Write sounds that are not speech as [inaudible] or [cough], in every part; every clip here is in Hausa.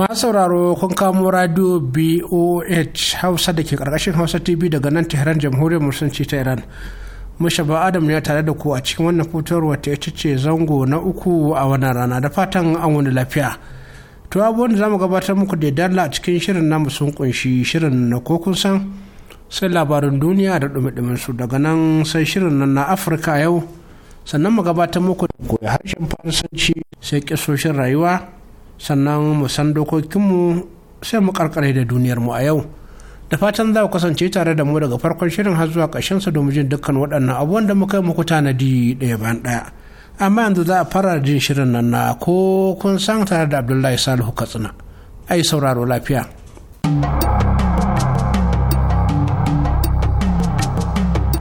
masu sauraro kun kamo radio boh hausa da ke karkashin hausa tv daga nan tehran jamhuriyar musulunci ta iran mashaba adam ya tare da ku a cikin wannan fitowar ta ita ce zango na uku a wannan rana da fatan an wani lafiya to abubuwan da zamu gabatar muku da dalla a cikin shirin namu sun kunshi shirin na ko kun san sai labarin duniya da dumi su daga nan sai shirin nan na afirka yau sannan mu gabatar muku da harshen faransanci sai kisoshin rayuwa sannan mu san dokokinmu sai mu karkare da duniyarmu a yau da fatan za ku kasance tare da mu daga farkon shirin har zuwa ƙarshensa domin jin dukkan waɗannan abubuwan da muka yi muku tanadi ɗaya bayan ɗaya amma yanzu za a fara jin shirin nan na ko kun san tare da abdullahi salihu katsina ai sauraro lafiya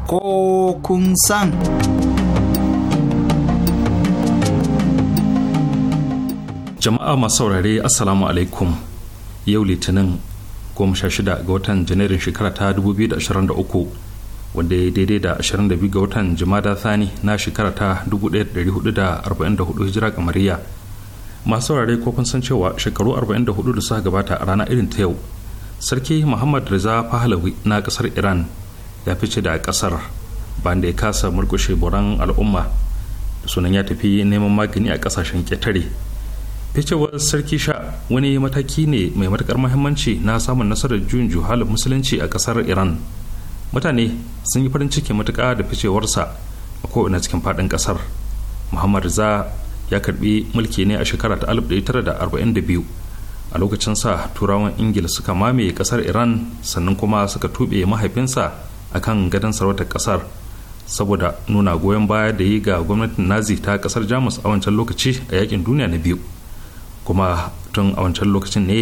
ko kun san jama'a masu saurare assalamu alaikum yau litinin 16 ga watan janairun shekara ta 2023 wanda ya daidai da 22 ga watan jimada thani na shekara ta 1444 hijira kamariya masu saurare ko kun san cewa shekaru 44 da suka gabata a rana irin ta yau sarki muhammad riza pahlavi na kasar iran ya fice da kasar da ya kasa murkushe boran al'umma sunan ya tafi neman magani a kasashen ketare ficewar sarki sha wani mataki ne mai matukar muhimmanci na samun nasarar juyin juhalin musulunci a kasar iran mutane sun yi farin ciki matuka da ficewarsa a ko'ina cikin faɗin ƙasar muhammad za ya karbi mulki ne a shekara ta 1942 a lokacin sa turawan ingila suka mame kasar iran sannan kuma suka tuɓe mahaifinsa a kan gadon sarautar ƙasar saboda nuna goyon baya da yi ga gwamnatin nazi ta ƙasar jamus a wancan lokaci a yakin duniya na biyu kuma tun a wancan lokacin ne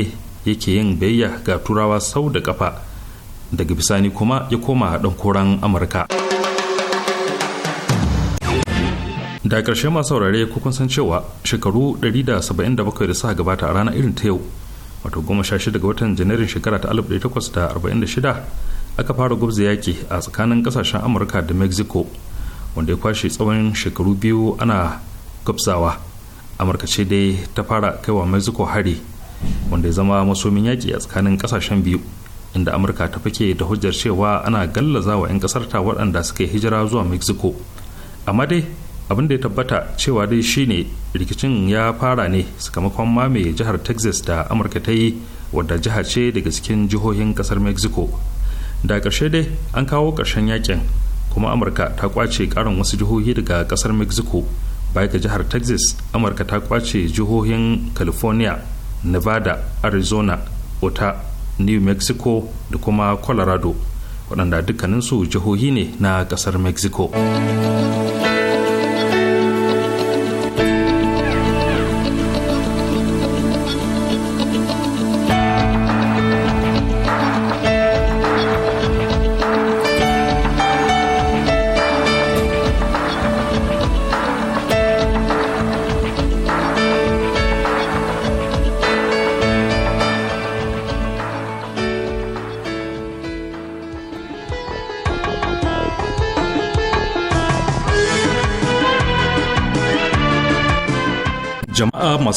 yake yin biyayya ga turawa sau da kafa daga bisani kuma ya koma ɗan koran amurka da ƙarshe masu saurare kun san cewa shekaru 177 da suka gabata a ranar irin ta yau wato 16 ga watan janairun shekara ta 1846 aka fara gwabza yaki a tsakanin ƙasashen amurka da mexico wanda ya kwashe tsawon shekaru biyu ana gwabzawa amurka ce dai ta fara kaiwa mexico hari wanda ya zama masomin yaƙi a tsakanin ƙasashen biyu inda amurka ta fake da hujjar cewa ana gallaza wa 'yan ƙasar ta waɗanda suka yi hijira zuwa mexico amma dai abin da ya tabbata cewa dai shine rikicin ya fara ne sakamakon mamaye jihar texas da amurka ta yi wadda jiha ce daga cikin jihohin ƙasar mexico da ƙarshe dai an kawo ƙarshen yakin kuma amurka ta kwace ƙarin wasu jihohi daga ƙasar mexico baya jihar texas amurka ta kwace jihohin california nevada arizona utah new mexico da kuma colorado waɗanda dukkaninsu jihohi ne na ƙasar mexico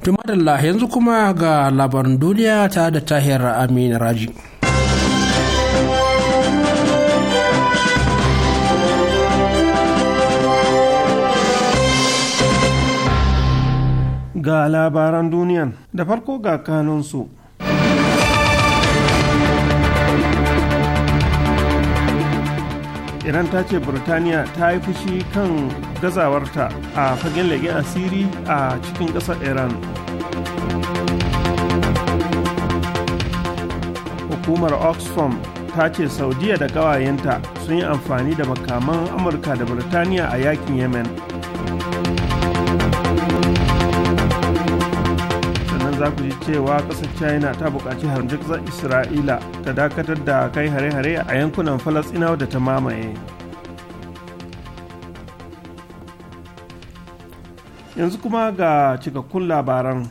Tumadalla yanzu kuma ga labarin duniya ta da tahir Amin Raji. Ga labaran duniyan da farko ga kanunsu. Iran ta ce Burtaniya ta yi fushi kan gazawarta a fagen legen asiri a cikin ƙasar iran hukumar oxfam ta ce saudiya da ƙawayenta sun yi amfani da makaman amurka da birtaniya a yakin yemen sannan za ku ji cewa ƙasar china ta buƙaci harjikzar isra'ila ta dakatar da kai hare-hare a yankunan falasinawa da ta mamaye yanzu kuma ga cikakkun labaran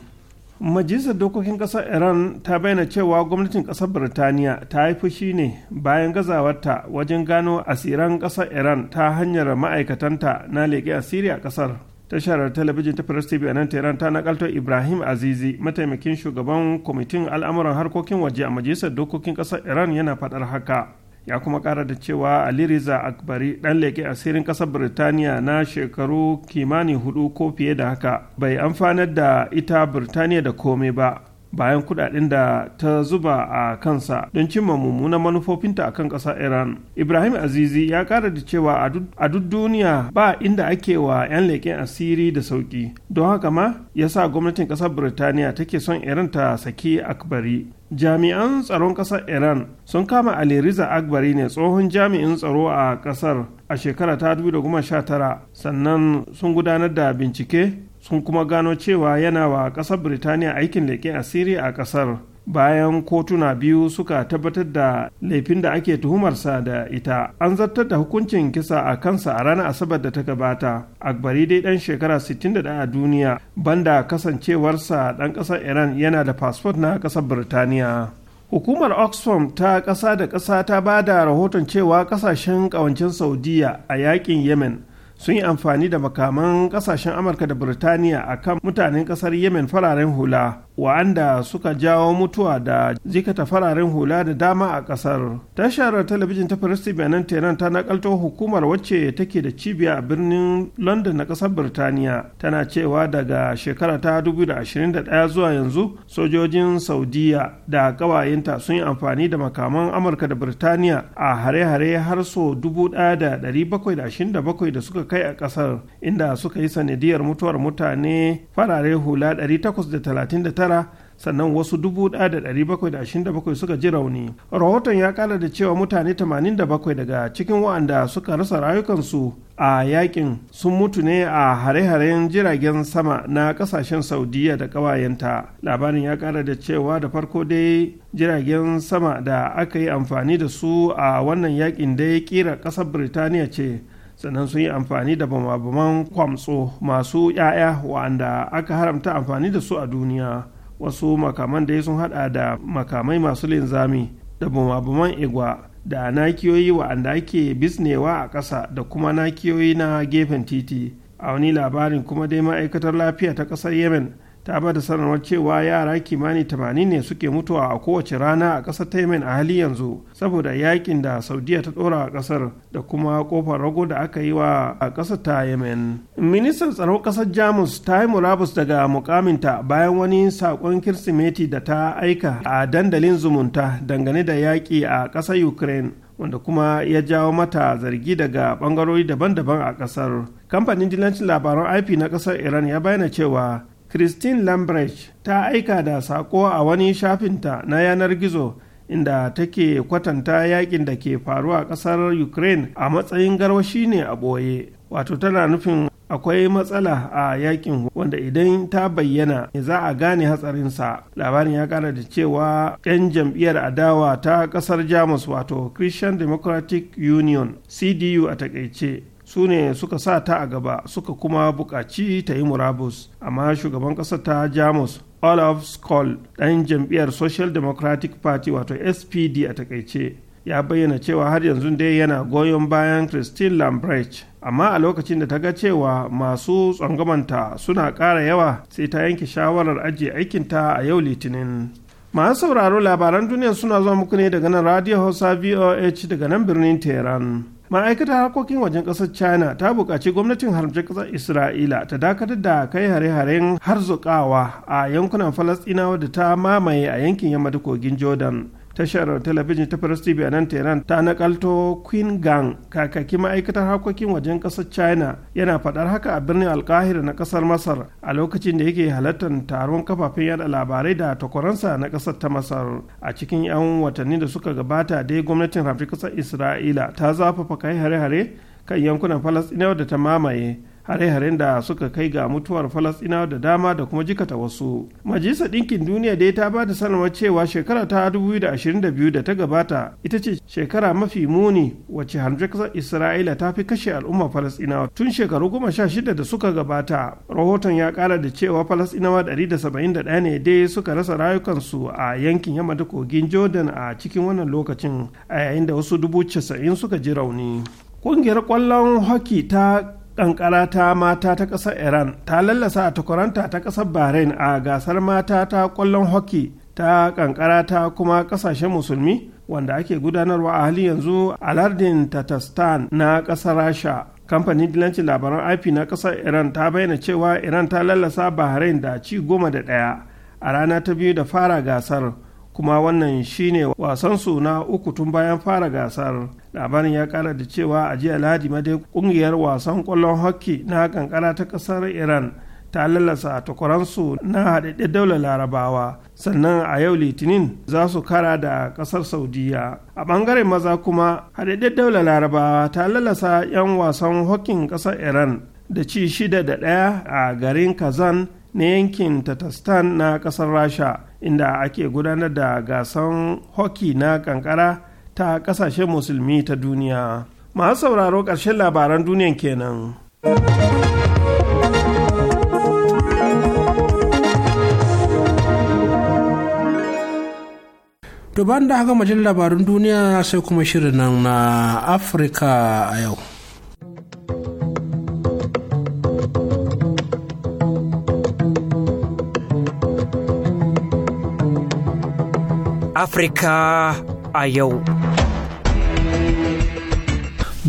majalisar dokokin ƙasar iran ta bayyana cewa gwamnatin ƙasar birtaniya ta yi fushi ne bayan gazawarta wajen gano asiran kasar iran ta hanyar ma'aikatanta na leƙe asiri a ƙasar tashar talabijin ta press tv a nan tehran ta nakalto ibrahim azizi mataimakin shugaban kwamitin al'amuran harkokin waje a majalisar dokokin ƙasar iran yana faɗar haka ya kuma kara da cewa ali riza akbari dan leke asirin kasar birtaniya na shekaru kimanin hudu ko fiye da haka bai amfanar da ita birtaniya da komai ba bayan kudaden da ta zuba a kansa don cimma mummunan manufofinta a kan ƙasar iran ibrahim azizi ya ƙara da cewa a duk duniya ba inda ake wa 'yan leƙen asiri da sauƙi don haka ma ya sa gwamnatin ƙasar birtaniya take son iran ta saki akbari jami'an tsaron kasar iran sun kama ali riza agbari ne tsohon jami'in tsaro a kasar a shekara ta 2019 sannan sun gudanar da bincike sun kuma gano cewa yana wa kasar birtaniya aikin leƙen asiri a kasar. bayan kotuna biyu suka tabbatar da laifin da ake tuhumarsa da ita an zartar da hukuncin kisa a kansa a ranar asabar da ta gabata akbari dai dan shekara 61 a duniya banda kasancewarsa dan kasar iran yana da fasfot na kasar birtaniya hukumar oxfam ta kasa da kasa ta ba da rahoton cewa ƙasashen ƙawancin saudiya a yakin yemen sun yi amfani da makaman ƙasashen amurka da birtaniya a kan mutanen ƙasar yemen fararen hula wa'anda suka jawo mutuwa da jikata fararen hula da dama a kasar tashar talabijin ta firisti benin tehran ta nakalto hukumar wacce take da cibiya a birnin london na kasar birtaniya tana cewa daga shekara ta 2021 zuwa yanzu sojojin saudiya da kawayenta sun yi amfani da makaman amurka da birtaniya a hare-hare har so 1727 da suka kai a kasar inda suka yi sanadiyar mutuwar mutane farare hula 839 nasara sannan wasu 1,727 suka ji rauni. Rahoton ya kala da cewa mutane 87 daga cikin wa'anda suka rasa rayukansu a yakin sun mutu ne a hare-haren jiragen sama na kasashen saudiya da ƙawayenta. Labarin ya kara da cewa da farko dai jiragen sama da aka yi amfani da su a wannan yakin dai kira ƙasar Birtaniya ce. sannan sun yi amfani da bama-baman kwamtso masu 'ya'ya wa'anda aka haramta amfani da su a duniya wasu makaman dai sun hada da makamai masu linzami da bumabuman igwa da nakiyoyi wa'anda ake bisnewa a ƙasa da kuma nakiyoyi na gefen titi a wani labarin kuma dai ma'aikatar lafiya ta ƙasar yemen ta ba da sanarwar cewa yara kimani tamanin ne suke mutuwa a kowace rana a ƙasar taimen a hali yanzu saboda yakin da saudiya ta ɗora a ƙasar da kuma kofar rago da aka yi wa a ƙasar ta yemen ministan tsaron ƙasar jamus ta yi murabus daga mukaminta bayan wani saƙon kirsimeti da ta aika a dandalin zumunta dangane da yaƙi a ƙasar ukraine wanda kuma ya jawo mata zargi daga bangarori daban-daban a ƙasar kamfanin dilancin labaran ip na ƙasar iran ya bayyana cewa christine lambrecht ta aika da sako a wani shafinta na yanar gizo inda take kwatanta yakin da ke faruwa a ƙasar ukraine a matsayin garwashi ne a ɓoye wato tana nufin akwai matsala a yakin wanda idan ta bayyana za a gane hatsarinsa labarin ya kara da cewa 'yan jam'iyyar adawa ta kasar jamus wato christian democratic union cdu a takaice su ne suka sa ta a gaba suka kuma buƙaci ta yi murabus amma shugaban ƙasar ta jamus olaf skoll ɗan jam'iyyar social democratic party wato spd a takaice ya bayyana cewa har yanzu dai yana goyon bayan christine lambrecht amma a lokacin da ta ga cewa masu tsangamanta suna ƙara yawa sai ta yanke shawarar ajiye aikinta a yau litinin masu sauraro labaran duniya suna zuwa muku ne daga nan radio hausa voh daga nan birnin tehran ma'aikatar harkokin wajen ƙasar china ta buƙaci gwamnatin harbce ƙasar isra'ila ta dakatar da kai hare-haren harzukawa a yankunan falasɗinawa da ta mamaye a yankin yamma da kogin jordan tashar talabijin ta Press TV a nan Tehran ta nakalto Queen Gang kakaki ma'aikatar harkokin wajen kasar China yana faɗar haka a birnin Alkahira na kasar Masar a lokacin da yake halartar taron kafafen yada labarai da takwaransa na kasar ta Masar a cikin 'yan watanni da suka gabata dai gwamnatin rafi kasar Isra'ila ta zafafa kai hare-hare kan yankunan Falasɗinawa da ta mamaye hare-haren da suka kai ga mutuwar falasɗinawa da dama da kuma jikata wasu majalisar ɗinkin duniya dai ta ba da sanarwar cewa shekara ta 2022 da ta gabata ita ce shekara mafi muni wacce hamjakar isra'ila ta fi kashe al'ummar falasɗinawa tun shekaru goma sha shida da suka gabata rahoton ya kara da cewa falasɗinawa 171 ne dai suka rasa rayukansu a yankin yamma da kogin jordan a cikin wannan lokacin a yayin da wasu dubu casa'in suka ji rauni ƙungiyar ƙwallon hockey ta kankara ta mata ta ƙasar iran ta lallasa a takwaranta ta ƙasar bahrain a gasar mata ta ƙwallon hockey ta kankara ta kuma ƙasashen musulmi wanda ake gudanarwa a halin yanzu a lardin tatastan na ƙasar rasha kamfanin dilancin labaran ip na ƙasar iran ta bayyana cewa iran ta lallasa bahrain da ci goma da ɗaya a rana ta biyu da fara gasar kuma wannan shine wasansu na uku tun bayan fara gasar labarin ya kara da cewa a jiya Ladi madai kungiyar wasan kwallon hockey na kankara ta kasar iran ta lalasa takwaransu na haɗaɗɗen daular larabawa sannan a yau litinin za su kara da ƙasar saudiya a ɓangaren maza kuma haɗaɗɗen daular larabawa ta lalasa 'yan wasan hokin ƙasar iran da ci shida da ɗaya a garin kazan na yankin tatastan na ƙasar rasha inda ake gudanar da gasan hoki na kankara ta kasashen musulmi ta duniya masu sauraro ƙarshen labaran duniyan kenan. To da haka majalisar labarun duniya sai kuma shirin nan na Afirka a yau. Afirka a yau.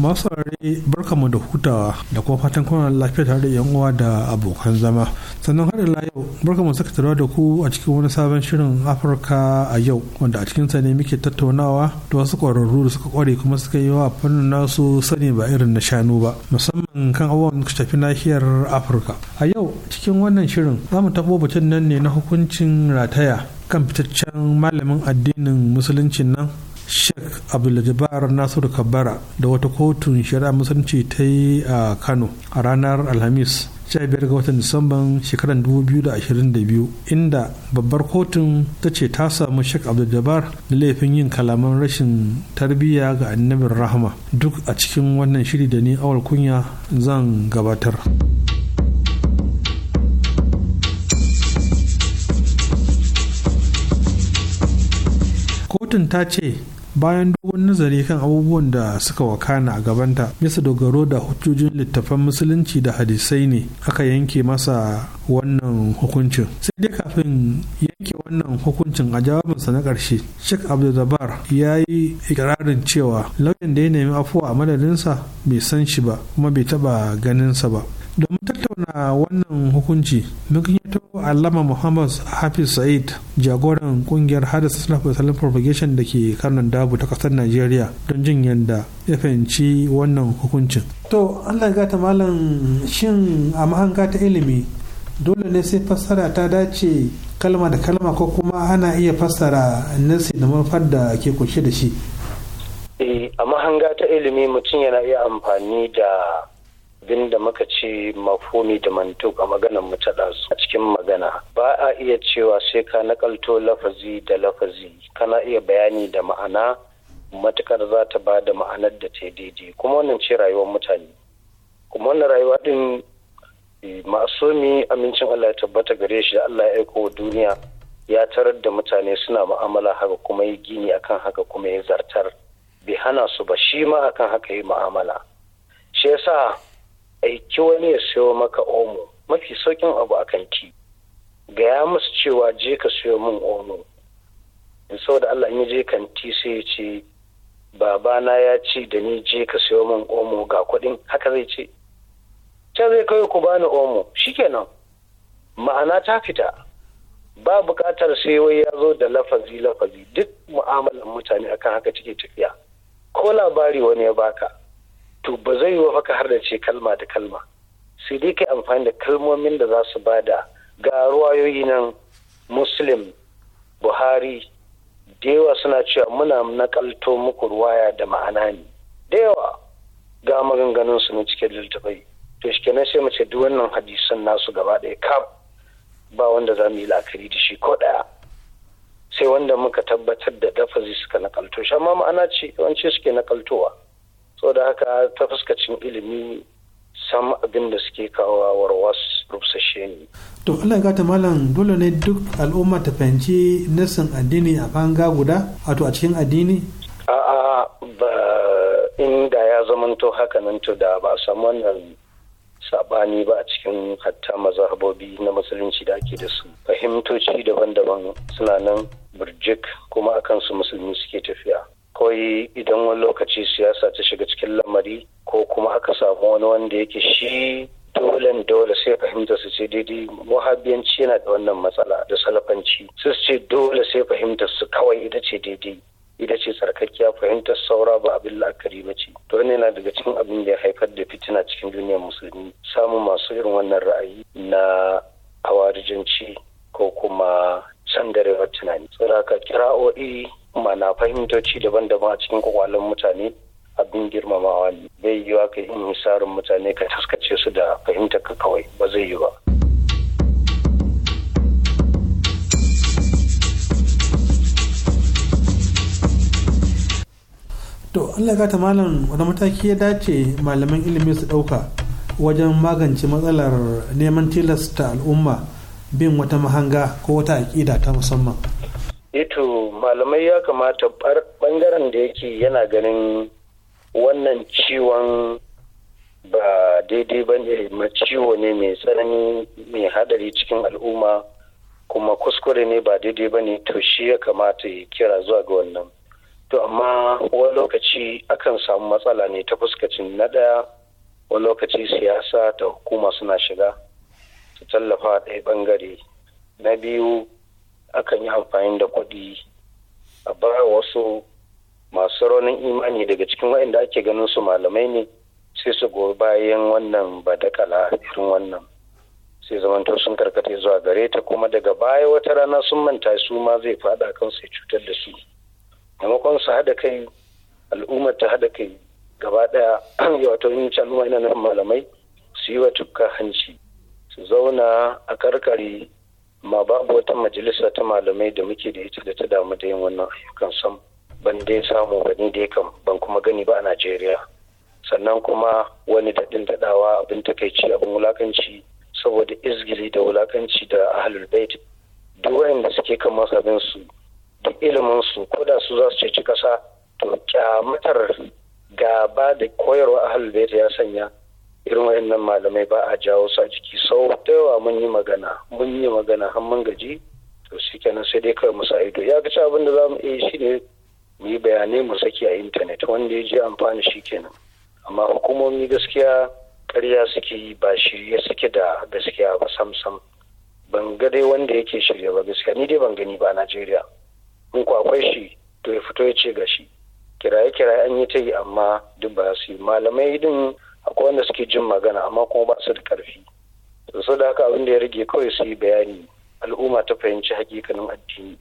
Masu rari barkamu da hutawa da kuma fatan kuna lafiya tare da yan uwa da abokan zama. Sannan har ila yau barkamu saka tarwa da ku a cikin wani sabon shirin Afirka a yau wanda a cikinsa ne muke tattaunawa da wasu ƙwararru da suka ƙware kuma suka yi wa fannin nasu sani ba irin na shanu ba musamman kan abubuwan da tafi nahiyar Afirka. A yau cikin wannan shirin za mu taɓo batun nan ne na hukuncin rataya kan fitaccen malamin addinin musulunci nan sheikh abdulljabbar nasiru kabara da wata kotun shari'a musulunci ta yi a kano a ranar alhamis 15 ga watan disamban shekarar 2022 inda babbar kotun ta ce ta samu sheikh abdul da laifin yin kalaman rashin tarbiyya ga annabin rahama duk a cikin wannan shiri da ni awal kunya zan gabatar. kotun ta ce bayan dogon nazari kan abubuwan da suka wakana a gabanta bisa dogaro da hujjojin littafan musulunci da hadisai ne aka yanke masa wannan hukuncin sai dai kafin yanke wannan hukuncin a jawabinsa na ƙarshe sheikh abdulzabar ya yi ikirarin cewa lauyan da ya nemi afuwa a madadinsa bai san shi ba kuma bai taɓa ganinsa ba na wannan hukunci mukan yi to allama muhammad hafiz sa'id jagoran kungiyar hadis salaf salam propagation da ke karnan dabu ta kasar nigeria don jin yadda ya fahimci wannan hukuncin to allah ya gata malam shin a mahanga ta ilimi dole ne sai fassara ta dace kalma da kalma ko kuma ana iya fassara nasi da manufar da ke kunshe da shi eh, a mahanga ta ilimi mutum yana iya amfani da abin da muka ce mafumi da mantuk a maganar mu ta ɗazu a cikin magana ba a iya cewa sai ka nakalto lafazi da lafazi kana iya bayani da ma'ana matukar za ta ba da ma'anar da ta daidai kuma wannan ce rayuwar mutane kuma wannan rayuwa din e, masomi amincin Allah ya tabbata gare shi da Allah ya aiko duniya ya tarar da mutane suna mu'amala haka kuma ya gini akan haka kuma ya zartar bai hana su ba shi ma akan haka yi mu'amala shi yasa aiki wani ya sayo maka omo mafi saukin abu a kanti gaya musu cewa je ka sayo min omo in saboda Allah in je kanti sai ya ce babana ya ce da ni je ka sayo min omo ga kuɗin haka zai ce can zai kai ku bani omo shikenan ma'ana ta fita ba bukatar sai wai ya zo da lafazi lafazi duk mu'amalar mutane akan haka take tafiya ko labari wani ya baka to ba zai yi wa faka har da ce kalma da kalma sai dai kai amfani da kalmomin da za su bada ga ruwayoyi nan muslim buhari da yawa suna cewa muna nakalto muku ruwaya da ma'ana ne da yawa ga maganganun su ne cike littafai to shi kenan sai mu ce duk wannan hadisan nasu gaba ɗaya kaf ba wanda za mu yi la'akari da shi ko ɗaya sai wanda muka tabbatar da dafazi suka nakalto shi amma ma'ana ce yawanci suke nakaltowa so da haka ta fuskacin ilimi sam abin da suke kawo warwas rufsashe ne. To Allah gata malam dole ne duk al'umma ta fahimci nasin addini a banga guda wato a cikin addini? A'a ba inda ya zamanto nan to da ba a samu wannan sabani ba a cikin hatta mazhabobi na musulunci da ake da su fahimtoci daban-daban suna nan burjik kuma akan su musulmi suke tafiya kawai idan wani lokaci siyasa ta shiga cikin lamari ko kuma aka samu wani wanda yake shi dolen dole sai fahimta su ce daidai wahabiyanci yana da wannan matsala da salafanci su ce dole sai fahimta su kawai ita ce daidai ita ce tsarkakkiya fahimtar saura ba abin la'akari ba ce to wannan yana daga cikin abin da ya haifar da fitina cikin duniyar musulmi samun masu irin wannan ra'ayi na awarijanci ko kuma can candarewar tunani tsiraka kira'o'i mana fahimtoci daban-daban a cikin kwakwalen mutane abin girmamawa ne bai yiwa ka yi misarin mutane ka taskace su da fahimtar ka kawai ba zai yi ba to allah gata malam wani mataki ya dace malaman ilimi su ɗauka wajen magance matsalar neman tilasta al'umma bin wata mahanga ko wata aƙida ta musamman ito eh malamai ya kamata bangaren da yake yana ganin wannan ciwon ba daidai ba ne ciwo ne mai tsanani mai hadari cikin al'umma kuma kuskure ne ba daidai ba ne to shi ya kamata ya kira zuwa ga wannan to amma wani lokaci akan samu matsala ne ta fuskacin na daya wani lokaci siyasa ta hukuma suna shiga su tallafa ɗaya bangare na biyu akan yi amfani da kuɗi a ba wasu masu raunin imani daga cikin waɗanda ake ganin su malamai ne sai su goyi bayan wannan badakala irin wannan sai zamanto sun karkata zuwa gare ta kuma daga baya wata rana sun manta su ma zai faɗa kan sai cutar da su maimakon su haɗa kai al'ummar ta haɗa kai gaba ɗaya [clears throat] wato yin can malamai su yi wa tukka hanci su zauna a karkari. Ma babu wata majalisa ta malamai da muke da ita da ta damu da yin wannan ayyukan sam ban dai samu ba ni dai ban kuma gani ba a najeriya sannan kuma wani daɗin daɗawa abin takaici abin wulakanci saboda izgili da wulakanci da ahalul bait duk wayanda suke kan masabin su da ilimin su ko da su za su ceci kasa to kyamatar gaba da koyarwa ahalul bait ya sanya irin wayannan malamai ba a jawo su a jiki sau da yawa mun yi magana mun yi magana har mun gaji to shi kenan sai dai kawai musa ido ya gaci abin da za mu iya shi ne mu yi bayanai mu saki a intanet wanda ya ji amfani shi kenan amma hukumomi gaskiya karya suke yi ba shirye suke da gaskiya ba sam sam ban ga dai wanda yake shirye ba gaskiya ni dai ban gani ba a najeriya in ku akwai shi to ya fito ya ce ga shi kiraye kiraye an yi ta yi amma duk ba su yi malamai din akwai wanda suke jin magana amma kuma ba su da karfi su da haka abin da ya rage kawai su yi bayani al'umma ta fahimci hakikanin addini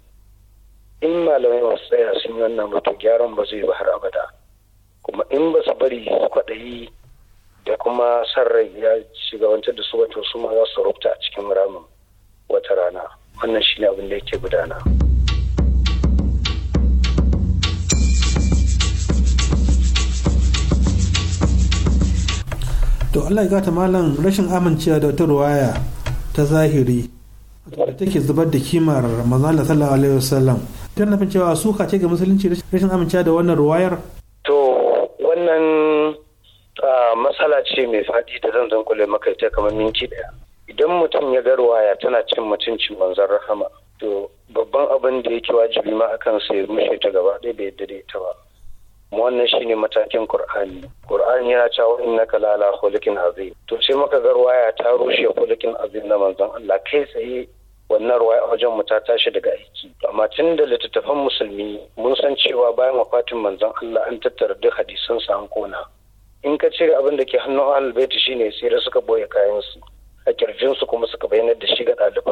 in malamai masu tsaya sun yi wannan mutu gyaran ba zai ba har abada kuma in ba su bari kwaɗayi da kuma san rai ya shiga wancan da su wato su ma za su rubuta a cikin ramin wata rana wannan shine abin da yake gudana. to allah ya gata malam rashin amincewa da wata ruwaya ta zahiri da take zubar da kimar manzon sallallahu alaihi wasallam ta nufin cewa suka ce ga musulunci rashin amincewa da wannan ruwayar to wannan matsala ce mai faɗi ta zan zankule maka ita kamar minti ɗaya. idan mutum ya ga ruwaya tana cin mutuncin manzon rahama to babban abin da yake wajibi ma akan sai rushe ta gaba ɗaya bai yadda da ita ba wannan shine matakin qur'ani qur'ani yana cewa innaka lala khuluqin azim to sai muka ga ruwaya ta rushe khuluqin azim na manzon Allah kai tsaye wannan ruwaya wajen mu ta tashi daga aiki amma tun da littattafan musulmi mun san cewa bayan wafatin manzon Allah an tattara duk hadisan sa an kona in ka cire abin da ke hannun ahlul shine sai suka boye kayan su a kirjin su kuma suka bayyana da shi ga ɗalibai.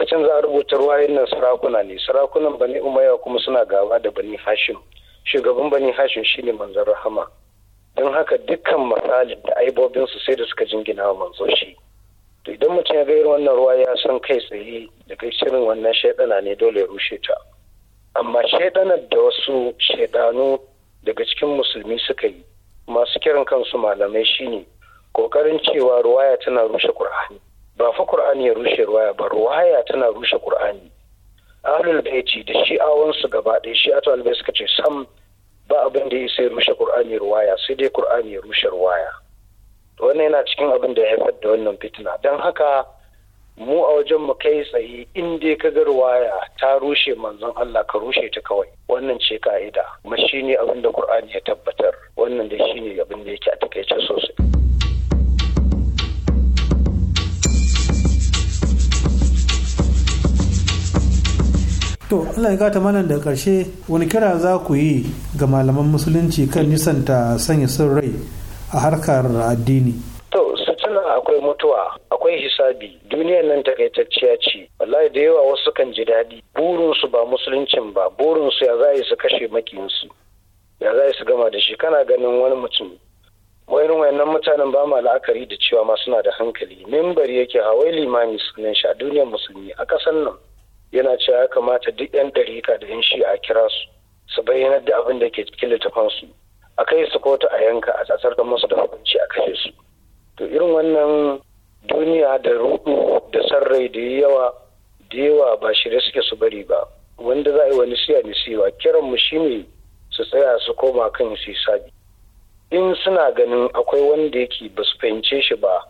lokacin za a rubuta ruwayen nan sarakuna ne sarakunan bani umayya kuma suna gaba da bani hashim shugaban bani hashim shine manzon rahama don haka dukkan masalin da aibobinsu sai da suka jingina wa manzo shi to idan mutum ya ga wannan ruwa ya san kai tsaye daga shirin wannan shaidana ne dole ya rushe ta amma shaidanar da wasu shaidanu daga cikin musulmi suka yi masu kiran kansu malamai shine kokarin cewa ruwaya tana rushe qur'ani ba fa qur'ani ya rushe ruwaya ba ruwaya tana rushe qur'ani ahlul baiti da shi'awansu gaba ɗaya ato albai suka ce sam ba abin da ya sai rushe qur'ani ruwaya sai dai qur'ani ya rushe ruwaya wannan yana cikin abin da ya haifar da wannan fitina don haka mu a wajen mu kai tsaye in dai ka ga ruwaya ta rushe manzon Allah ka rushe ta kawai wannan ce ka'ida kuma shine abin da Qur'ani ya tabbatar wannan da shine abin da yake a takaice sosai to allah ya gata malam da karshe wani kira za ku yi ga malaman musulunci kan nisanta sanya son rai a harkar addini to su tuna akwai mutuwa akwai hisabi duniyar nan takaitacciya ce wallahi da yawa wasu kan ji daɗi burinsu ba musuluncin ba burinsu ya za su kashe makiyinsu ya za su gama da shi kana ganin wani mutum wayan wayannan mutanen ba ma la'akari da cewa ma suna da hankali membari yake hawai limami sunan shi a duniyar musulmi a ƙasar nan yana cewa ya kamata duk 'yan ɗarika da 'yan a kira su su bayyanar da abin da ke cikin littafansu a kai su kotu a yanka a tsatsar da musu da hukunci a kashe su to irin wannan duniya da rudu da san rai da yawa da yawa ba shirye suke su bari ba wanda za a yi wani siya ne siwa kiran mu shine su tsaya su koma kan su sabi in suna ganin akwai wanda yake ba su fahimce shi ba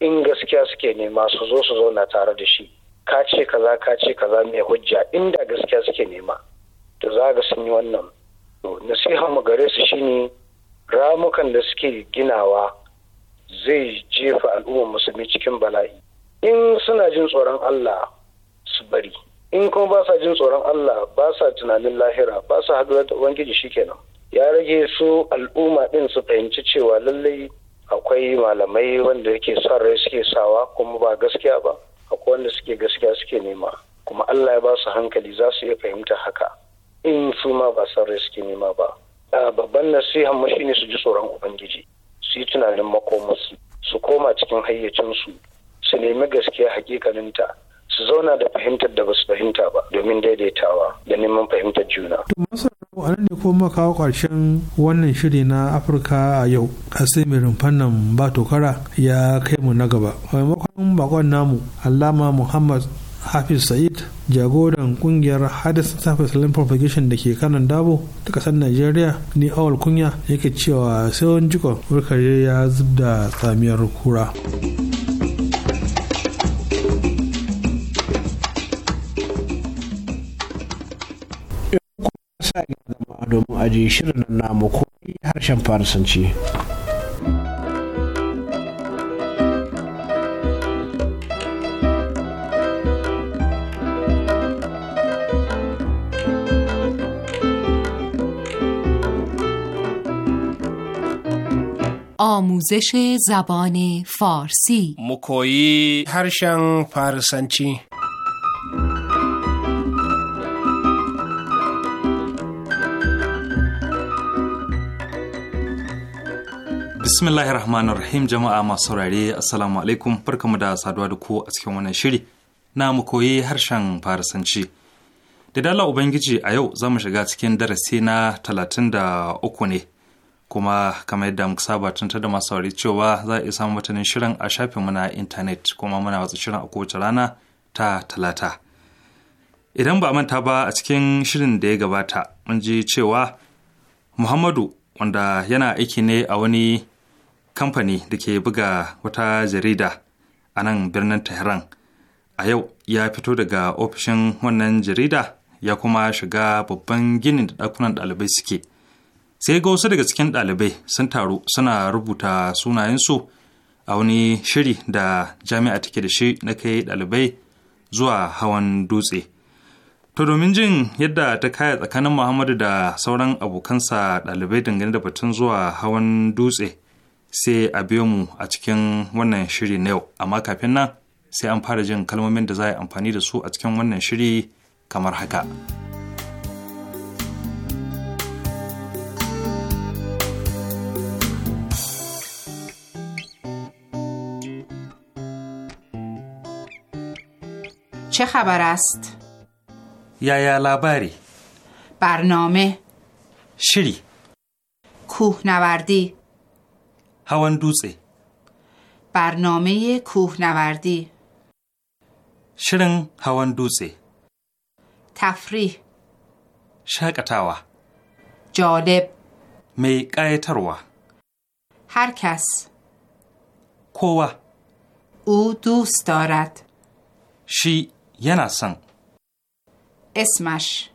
in gaskiya suke nema su zo su zauna tare da shi ka ce kaza ka ce kaza mai hujja inda gaskiya suke nema da za ga sun yi wannan nasiha mu gare su shine ramukan da suke ginawa zai jefa al'ummar musulmi cikin bala'i in suna jin tsoron Allah su bari in kuma ba sa jin tsoron Allah ba sa tunanin lahira ba sa haɗuwa da ubangiji shikenan ya rage su al'umma din su fahimci cewa lallai akwai malamai wanda yake son rai suke sawa kuma ba gaskiya ba akwai wanda suke gaskiya suke nema kuma Allah ya ba su hankali za su iya fahimta haka in su ma ba san rai suke nema ba babban nasihan mu shine su ji tsoron ubangiji su yi tunanin makomarsu su koma cikin hayyacinsu su nemi gaskiya hakikaninta su zauna da fahimtar da basu fahimta ba domin daidaitawa da neman fahimtar juna. To masu a nan ne kuma kawo ƙarshen wannan shiri na Afirka a yau a sai ba tokara ya kai mu na gaba. Maimakon bakon namu Allama Muhammad Hafiz Sa'id jagoran kungiyar Hadis Surface Land Propagation da ke kanan Dabo ta kasar Najeriya ni awal kunya yake cewa sai wani jikon ya zub da samiyar kura. sa ki zama domin aje shirin nan namu koyi harshen farisanci. آموزش زبان فارسی مکویی هرشن فارسنچی Bismillahir Rahmanir Rahim jama'a masu saurare Assalamu alaikum barkamu da saduwa da ku a cikin wannan shiri na mu koyi harshen Farisanci. Da dala Ubangiji a yau za mu shiga cikin darasi na talatin da uku ne kuma kamar yadda muka saba tuntar da masu saurare cewa za a iya samun matanin shirin a shafinmu na intanet kuma muna watsa shirin a kowace rana ta talata. Idan ba a manta ba a cikin shirin da ya gabata mun ji cewa Muhammadu wanda yana aiki ne a wani kamfani da ke buga wata jarida a nan birnin Tehran. A yau ya fito daga ofishin wannan jarida ya kuma shiga babban ginin da ɗakunan ɗalibai suke. Sai ga wasu daga cikin ɗalibai sun taru suna rubuta sunayensu a wani shiri da jami'a take da shi na kai ɗalibai zuwa hawan dutse. To domin jin yadda ta kaya tsakanin Muhammadu da sauran abokansa ɗalibai dangane da batun zuwa hawan dutse sai a biyo mu a cikin wannan shiri na yau amma kafin nan sai an fara jin kalmomin da za a yi amfani da su a cikin wannan shiri kamar haka. چه خبر است؟ یا یا لاباری برنامه شری کوهنوردی هوان دوزه برنامه کوهنوردی شرن هوان دوزه تفریح شاکتاوا جالب می قایتروا هر کس کوا او دوست دارد شی یناسن اسمش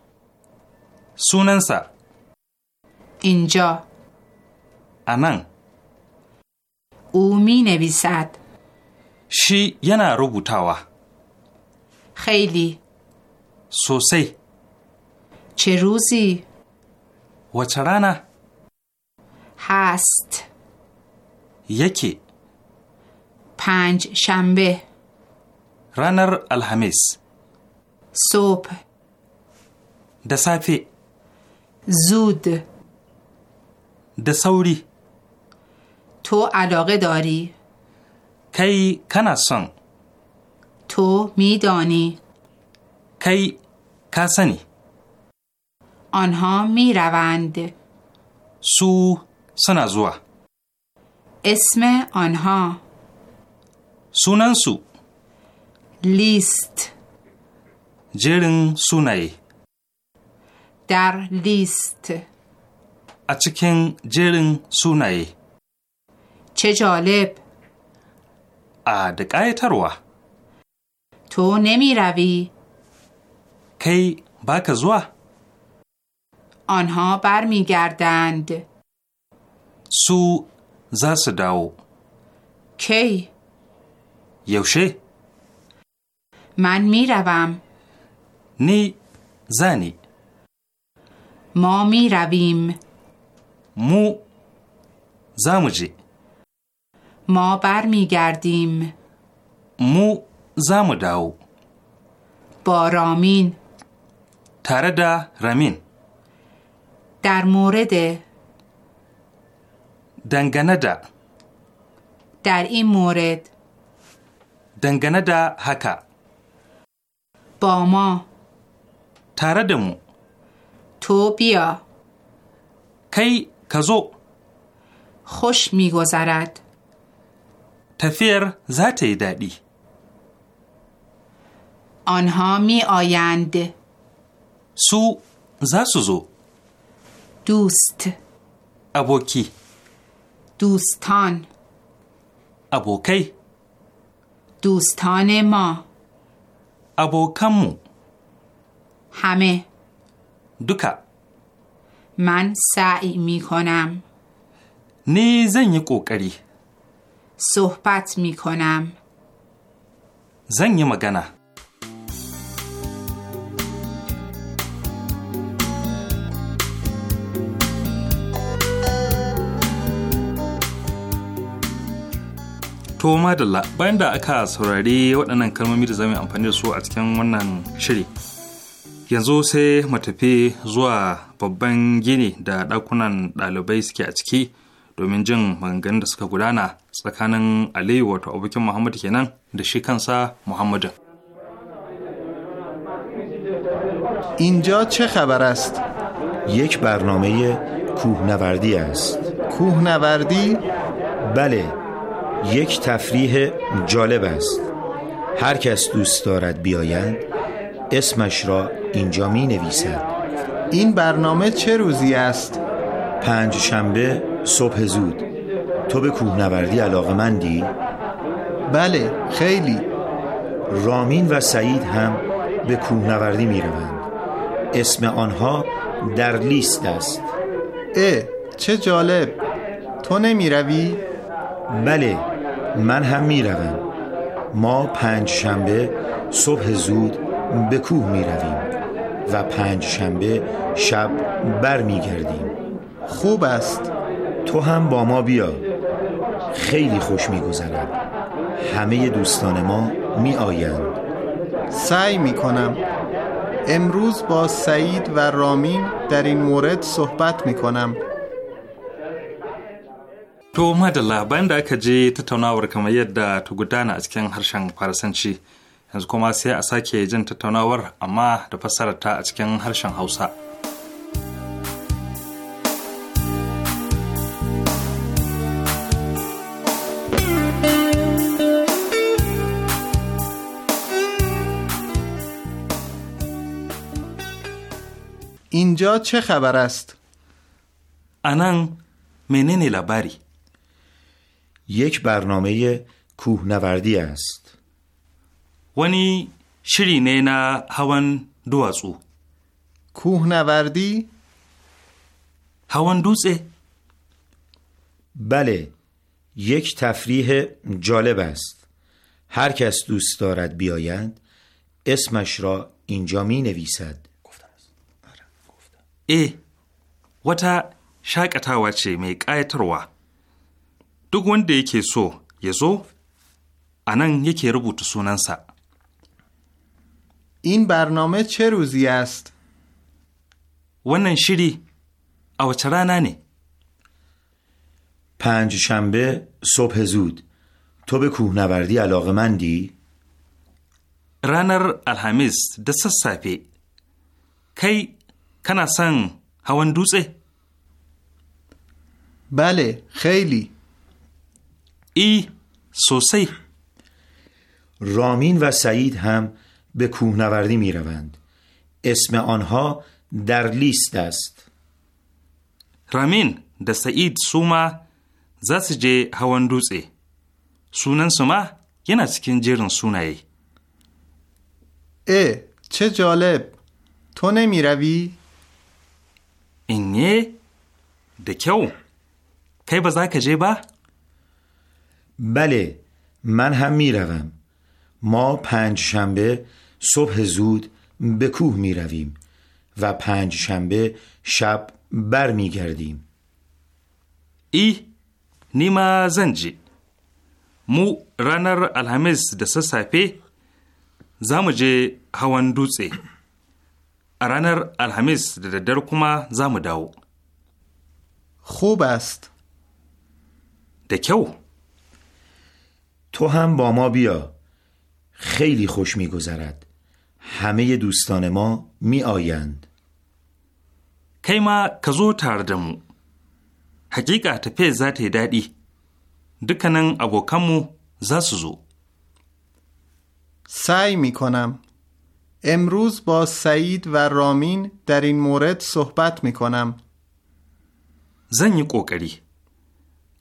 سوننسا اینجا آنان او می نویسد شی ینا بوتاوه خیلی سوسی چه روزی؟ و هست یکی پنج شنبه رانر الهمیس صبح دسافی زود دسوری تو علاقه داری کی کناسن تو میدانی کی کسانی آنها میروند سو سنازوا اسم آنها سو لیست جرن سونای در لیست اچکن جرن سونای چه جالب آدکای تروا تو نمی کی باک زوا آنها بر می سو زس داو کی یوشه من می نی زنی ما می رویم مو زموجی؟ ما برمیگردیم مو زمو داو با رامین تردا رامین در مورد دنگندا در این مورد دنگندا هکا با ما تردمو تو بیا کی کزو خوش میگذرد تفیر ذات دادی آنها می آیند سو زاسوزو دوست ابوکی دوستان ابوکی دوستان ما ابوکمو همه دوکا من سعی می کنم نی زن کوکری صحبت می کنم زن مگنه To madalla bayan da aka saurari waɗannan kalmomi da zamu amfani da su a cikin wannan shiri. Yanzu sai mu tafi zuwa babban gini da ɗakunan ɗalibai suke a ciki domin jin maganganun da suka gudana tsakanin aliyu wato abokin muhammadu kenan da shi kansa muhammadin اینجا چه خبر است؟ یک برنامه کوهنوردی است کوهنوردی؟ بله یک تفریح جالب است هر کس دوست دارد بیاید اسمش را اینجا می نویسد این برنامه چه روزی است؟ پنج شنبه صبح زود تو به نوردی علاقه مندی؟ بله خیلی رامین و سعید هم به نوردی می روند اسم آنها در لیست است اه چه جالب تو نمی روی؟ بله من هم می روم ما پنج شنبه صبح زود به کوه می رویم و پنج شنبه شب بر می گردیم خوب است تو هم با ما بیا خیلی خوش میگذرد همه دوستان ما می سعی می کنم امروز با سعید و رامین در این مورد صحبت می کنم تو اومد الله که جی تتوناور کمه ید دا تو گدانه از کن شنگ پارسنچی از کماسی سی اصا که جن تتوناور اما دا پسر تا از کن هرشان حوصه اینجا چه خبر است؟ انان منن یک برنامه کوهنوردی است. ونی شری نه هوان او کوهنوردی هوان دوزه بله یک تفریح جالب است هر کس دوست دارد بیاید اسمش را اینجا می نویسد ای وتا شاکتاوا چه می قایتروا duk wanda yake so ya zo a nan yake rubuta این برنامه چه روزی است؟ wannan shiri a چرا rana ne? پنج شنبه صبح زود تو به کوهنوردی علاقه مندی؟ رانر ده سسافه کی کنا سن هوان بله خیلی ای سوسی رامین و سعید هم به کوهنوردی می روند اسم آنها در لیست است رامین ده سعید سوما زس جه هوان دوزه سونن سوما یه نسکین جرن سونایی ای چه جالب تو نمی روی؟ اینه دکیو کی با زاک با؟ بله من هم میروم ما پنج شنبه صبح زود به کوه می رویم و پنج شنبه شب بر می گردیم ای نیما زنجی مو رانر الهمز دسه سافه زمجه هوان a ranar Alhamis da daddare kuma خوب است. ده کیو. تو هم با ما بیا. خیلی خوش میگذرد. همه دوستان ما می آیند. کیما کزو تردمو. حقیقه تپه ذات دادی. دکنن ابوکمو زاسزو. سعی میکنم. امروز با سعید و رامین در این مورد صحبت می کنم. زن یک کوکری.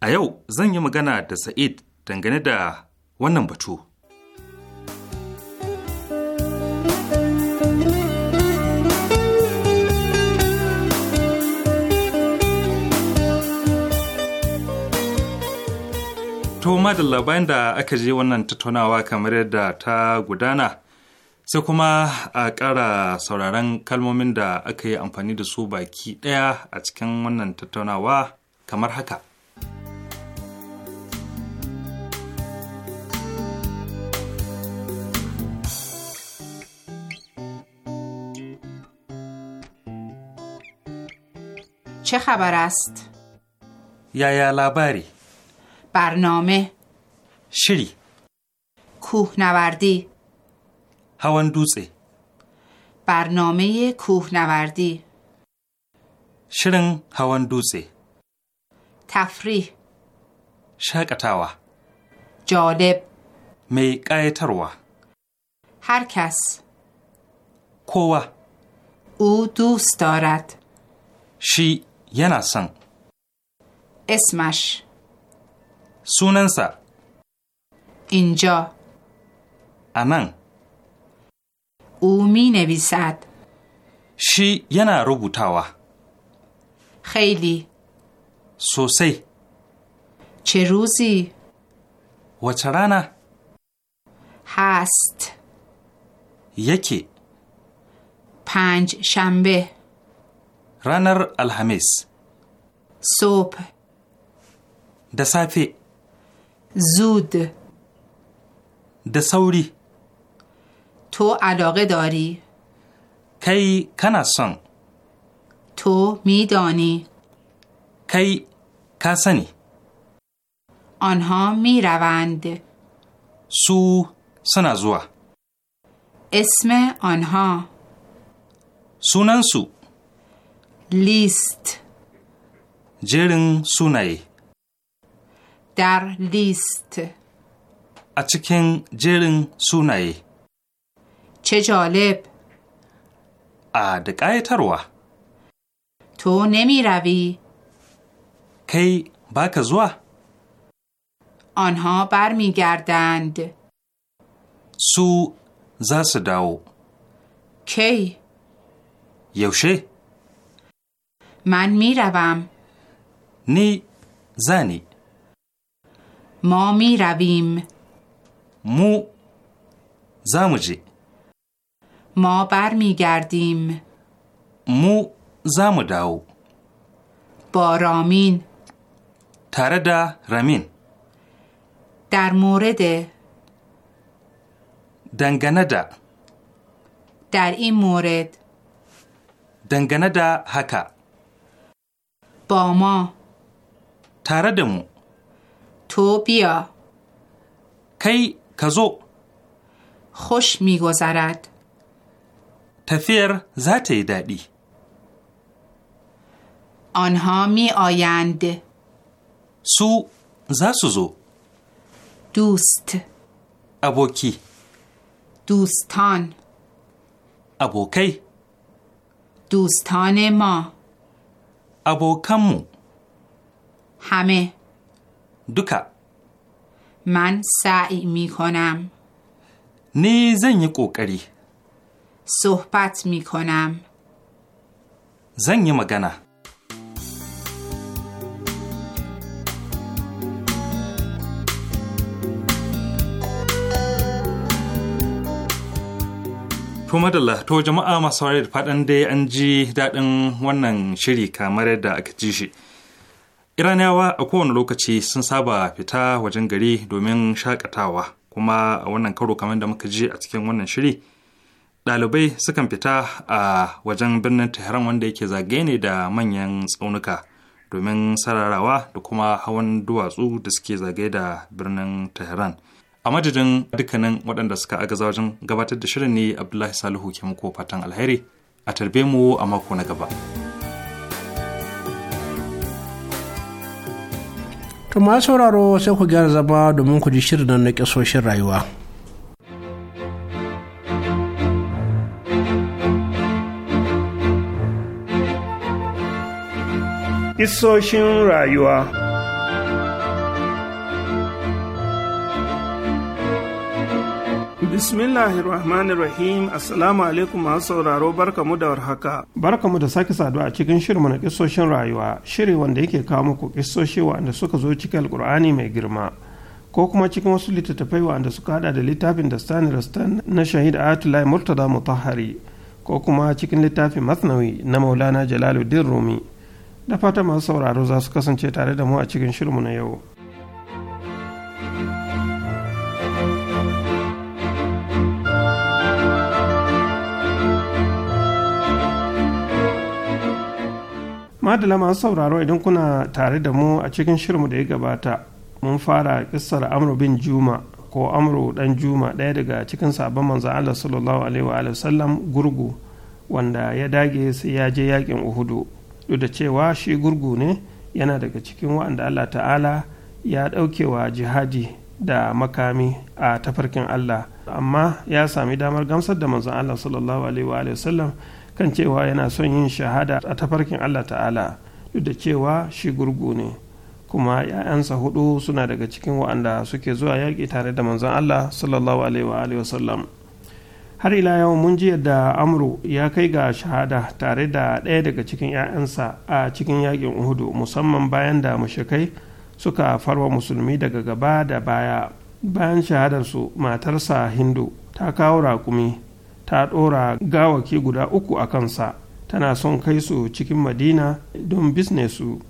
ایو زن یک مگنه ده سعید دنگنه ده ونن بچو. To madalla bayan da aka je wannan tattaunawa kamar yadda ta gudana sai kuma a ƙara sauraron kalmomin da aka yi amfani da su baki ɗaya a cikin wannan tattaunawa kamar haka. چه yaya labari. barnome. لاباری برنامه شری کوهنوردی هوان دوزه برنامه کوهنوردی شرن هوان دوزه تفریح شاکتاوا جالب می قایتروا هر کس کوا او دوست دارد شی یناسن اسمش سوننسا اینجا آنان او می نویسد شی ینا روبوتاوا خیلی سوسی چه روزی؟ و چرانا؟ هست یکی پنج شنبه رانر الهمیس صبح دسافی زود دسوری تو علاقه داری کی سان تو میدانی کی کسانی آنها میروند سو سنازوا اسم آنها سوننسو لیست جرن سونای در لیست اچکن جرن سونای چه جالب آدکای تروا تو نمی کی با زوا آنها بر گردند سو زاس داو کی یوشه من می نی زنی ما می رویم مو زمجی ما برمیگردیم مو زمو داو با رامین تردا رامین در مورد دنگندا در این مورد دنگندا هکا با ما تردمو تو بیا کی کزو خوش میگذرد تفیر زاتی دادی آنها می آیند سو زاسوزو دوست ابوکی دوستان ابوکی دوستان ما ابوکمو همه دکا. من سعی می کنم نی زن کوکری صحبت می کنم زنگ مگنه To madalla to jama'a masu da faɗan dai an ji daɗin wannan shiri kamar yadda aka ji shi. Iraniyawa a kowane lokaci sun saba fita wajen gari domin shakatawa kuma a wannan karo kamar da muka ji a cikin wannan shiri ɗalibai sukan fita a wajen birnin Tehran wanda yake zagaye ne da manyan tsaunuka domin sararawa da kuma hawan duwatsu da suke zagaye da birnin Tehran. A madadin dukkanin waɗanda suka agaza wajen gabatar da shirin ne Abdullahi Salihu ke muku fatan alheri a tarbe mu a mako na gaba. To sauraro sai ku gyara zama domin ku ji shirin na ƙasoshin rayuwa. Isoshin rayuwa Bismillahirrahmanirrahim Assalamu alaikum masu sauraro barkamu da warhaka. Barkamu da sake saduwa a cikin shirmu na kisoshin rayuwa, shiri wanda yake kawo muku kisoshi wanda suka zo cikin alkur'ani mai girma. ko kuma cikin wasu littattafai wanda suka hada da littafin da stan rastan na shahid atulai murtada mutahari ko kuma cikin littafin masnawi na maulana jalaluddin rumi da fata masu sauraro za su kasance tare da mu a cikin shirinmu na yau madala masu sauraro idan kuna tare da mu a cikin shirinmu da ya gabata mun fara kissar amru bin juma ko amru dan juma ɗaya daga cikin sabon manzan allah sallallahu alaihi wa sallam gurgu wanda ya dage sai ya je yakin uhudu duk da cewa shi gurgu ne yana daga cikin wa'anda allah ta'ala ya ɗaukewa jihadi da makami a tafarkin allah amma ya sami damar gamsar da manzon allah sallallahu alaihi wa sallam kan cewa yana son yin shahada a tafarkin allah ta'ala duk da cewa shi gurgu ne kuma 'ya'yansa hudu suna daga cikin wa'anda suke zuwa yaƙi tare da manzon allah sallallahu alaihi wa sallam har ila yau mun ji yadda amru ya kai ga shahada tare da ɗaya daga cikin 'ya'yansa a cikin yakin uhudu musamman bayan da mushrikai suka farwa musulmi daga gaba da baya bayan shahadarsu matarsa hindu ta kawo raƙumi ta ɗora gawaki guda uku a kansa tana son kai su cikin madina don bisnesu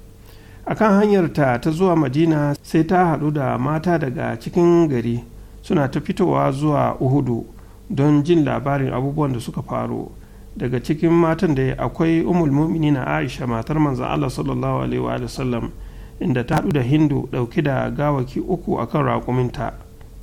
a kan hanyarta ta zuwa madina sai ta haɗu da mata daga cikin gari suna ta fitowa zuwa uhudu don jin labarin abubuwan da suka faru daga cikin matan da akwai umul na aisha matar manzan allah sallallahu alaihi wa sallam inda ta haɗu da hindu ɗauki da gawaki uku a akan raƙuminta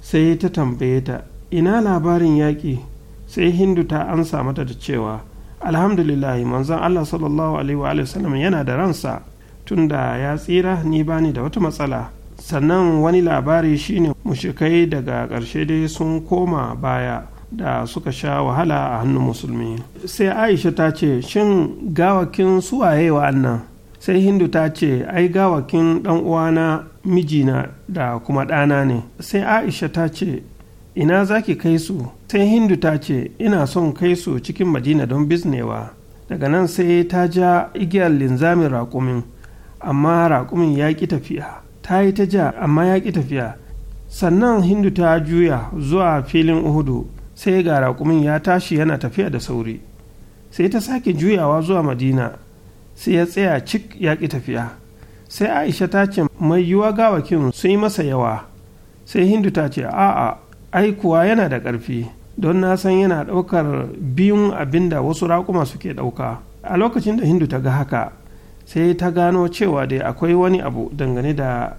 sai ta tambaye ta ina labarin yaƙi sai hindu ta ansa mata da cewa alhamdulillah manzan allah sallallahu alaihi wa sallam yana da ransa tunda ya tsira ni bani da wata matsala sannan wani labari shine mushikai daga ƙarshe dai sun koma baya da suka sha wahala a hannun musulmi sai aisha ta ce shin gawakin suwaye wa'annan sai hindu ta ce ai gawakin dan uwana mijina da kuma ɗana ne sai aisha ta ce ina zaki kai su sai hindu ta ce ina son kai su cikin madina don biznewa daga nan sai ta ja igiyar linzamin raƙumin amma raƙumin ya ƙi tafiya ta yi ta ja amma ya ƙi tafiya sannan hindu ta juya zuwa filin uhudu sai ga raƙumin ya tashi yana tafiya da sauri sai ta sake juyawa zuwa madina sai ya tsaya cik ya ki tafiya sai aisha ta ce mai yiwa gawakin sun yi masa yawa sai hindu ta ce a'a aikuwa yana da ƙarfi don na san yana ɗaukar biyun abin da wasu raƙuma suke ɗauka a lokacin da hindu ta ga haka sai ta gano cewa dai akwai wani abu dangane da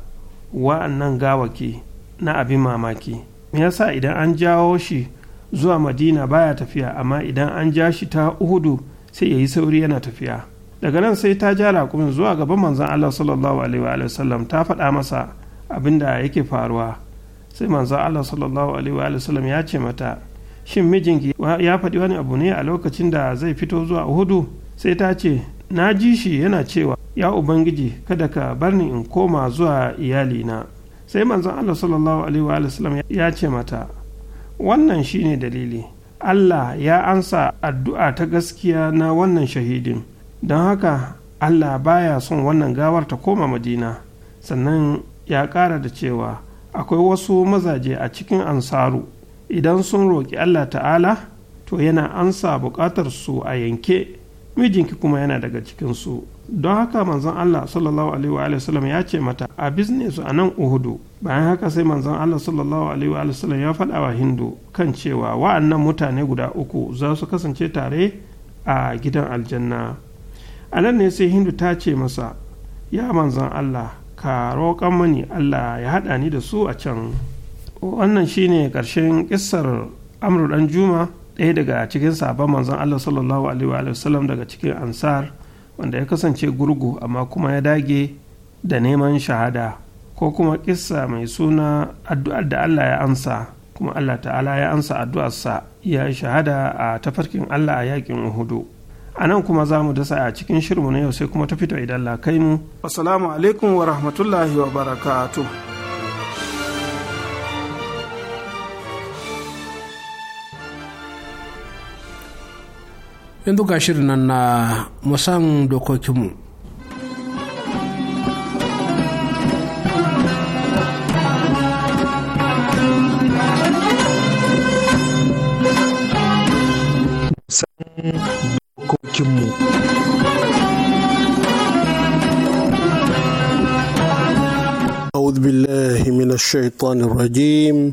wa'annan gawaki na abin mamaki me yasa idan an jawo shi zuwa madina baya tafiya amma idan an ja shi ta uhudu sai ya yi sauri yana tafiya daga nan sai ta ja raƙumin zuwa gaban manzon allah sallallahu alaihi wa ta faɗa masa abin da yake faruwa sai manzon allah sallallahu alaihi wa ya ce mata shin mijinki ya faɗi wani abu ne a lokacin da zai fito zuwa uhudu sai ta ce na ji shi yana cewa ya ubangiji kada ka bar ni in koma zuwa iyalina sai manzon allah sallallahu alaihi wa ya ce mata wannan shine dalili allah ya ansa addu'a ta gaskiya na wannan shahidin don haka allah baya son wannan gawar ta koma madina sannan ya ƙara da cewa akwai wasu mazaje a cikin ansaru idan sun roƙi allah ta'ala to yana ansa buƙatar su a yanke mijinki kuma yana daga cikinsu don haka manzon Allah sallallahu alaihi wa sallam ya ce mata a biznesu a nan Uhudu bayan haka sai manzon Allah sallallahu alaihi wa sallam ya faɗa wa Hindu kan cewa wa'annan mutane guda uku za su kasance tare a gidan aljanna a ne sai Hindu ta ce masa ya manzon Allah ka roƙan mani Allah ya haɗa ni da su a can wannan shine ƙarshen ƙissar Amru dan Juma ɗaya daga cikin sahabban manzon Allah sallallahu alaihi wa sallam daga cikin ansar wanda ya kasance gurgu amma kuma ya dage da neman shahada ko kuma kissa mai suna addu'ar da Allah ya ansa kuma Allah ta'ala ya ansa addu'arsa ya shahada a tafarkin Allah a yakin Uhudu. A nan kuma za mu dasa a cikin shirmu na yau sai kuma ta fito idan la kai mu. Assalamu alaikum wa rahmatullahi wa barakatuh. yanzu ga shirin nan na musan dokokinmu أعوذ بالله من الشيطان الرجيم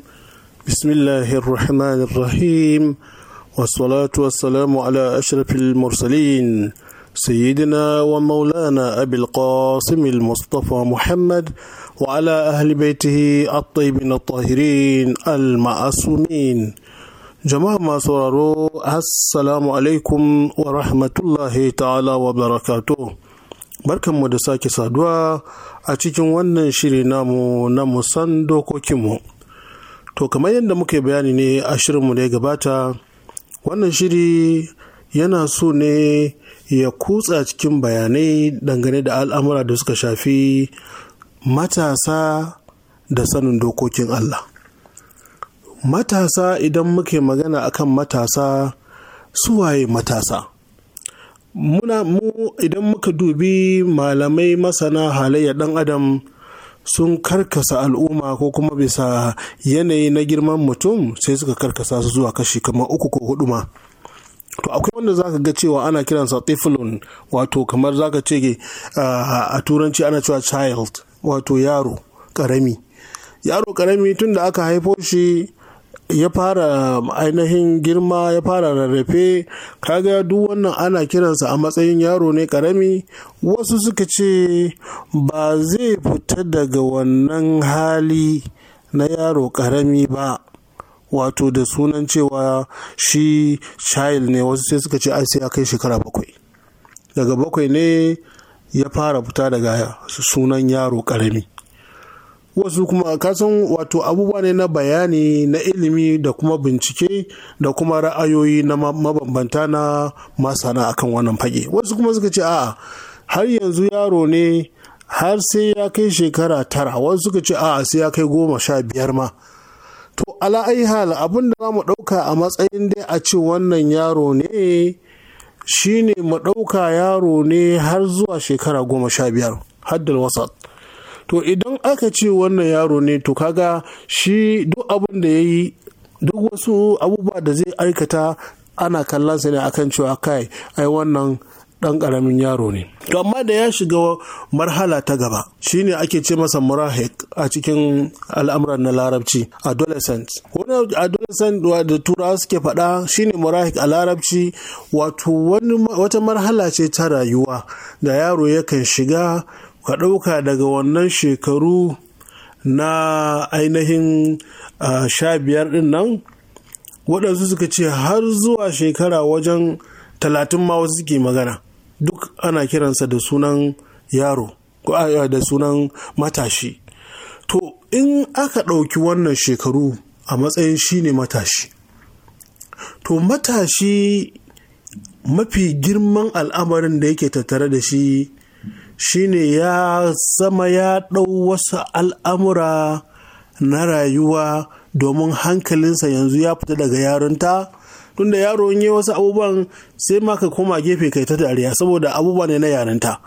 بسم الله الرحمن الرحيم والصلاة والسلام على أشرف المرسلين سيدنا ومولانا أبي القاسم المصطفى محمد وعلى أهل بيته الطيبين الطاهرين المعصومين جماعة ما سرروا السلام عليكم ورحمة الله تعالى وبركاته بركة مدساكي سادوا أتيكم ونن شرينامو نمسان دوكوكيمو To kamar yadda muke bayani ne a shirinmu da ya gabata wannan shiri yana so ne ya kutsa cikin bayanai dangane da al'amura da suka shafi matasa da sanin dokokin Allah. Matasa idan muke magana akan matasa suwaye matasa. Muna mu idan muka dubi malamai masana halayya ɗan adam sun karkasa al'umma ko kuma bisa yanayi na girman mutum sai suka karkasa su zuwa kashi kamar uku ko hudu ma to akwai wanda zaka ga cewa ana kiransa tiflun wato kamar zaka ce a turanci ana cewa child wato yaro karami yaro karami tun da aka haifo shi ya fara ainihin girma ya fara rarrafe kaga duk wannan ana kiransa a matsayin yaro ne karami wasu suka ce ba zai fita daga wannan hali na yaro karami ba wato da sunan cewa shi child ne wasu sai suka ce ai sai kai shekara bakwai daga bakwai ne ya fara fita daga sunan yaro karami wasu kuma kasan wato abubuwa ne na bayani na ilimi da kuma bincike da kuma ra'ayoyi na mabambanta na masana akan wannan fage wasu kuma suka ce a'a har yanzu yaro ne har sai ya kai shekara tara wasu suka ce a'a sai ya kai goma sha biyar ma to ala hal abin da za mu ɗauka a matsayin dai a ce wannan yaro ne shine mu ɗauka yaro ne har zuwa shekara goma sha biyar haddal wasat to idan aka ce wannan yaro ne to kaga shi duk abin da ya yi duk wasu abubuwa da zai aikata ana kallon sa ne akan cewa kai ai wannan dan karamin yaro ne to amma da ya shiga marhala ta gaba shine ake ce masa murahik a cikin al'amuran na larabci adolescent wani adolescent da turawa suke faɗa shine murahik a larabci wato wata marhala ce ta rayuwa da yaro yakan shiga ka ɗauka daga wannan shekaru na ainihin sha biyar ɗin nan waɗansu suka ce har zuwa shekara wajen talatin ma wasu suke magana duk ana kiransa da sunan yaro da sunan matashi to in aka ɗauki wannan shekaru a matsayin shi ne matashi to matashi mafi girman al'amarin da yake tattare da shi shine ya zama ya ɗau wasu al'amura na rayuwa domin hankalinsa yanzu ya fita daga yarinta tunda yaro yi wasu abubuwan sai ma ka koma gefe kai ta dariya saboda abubuwa ne na yarinta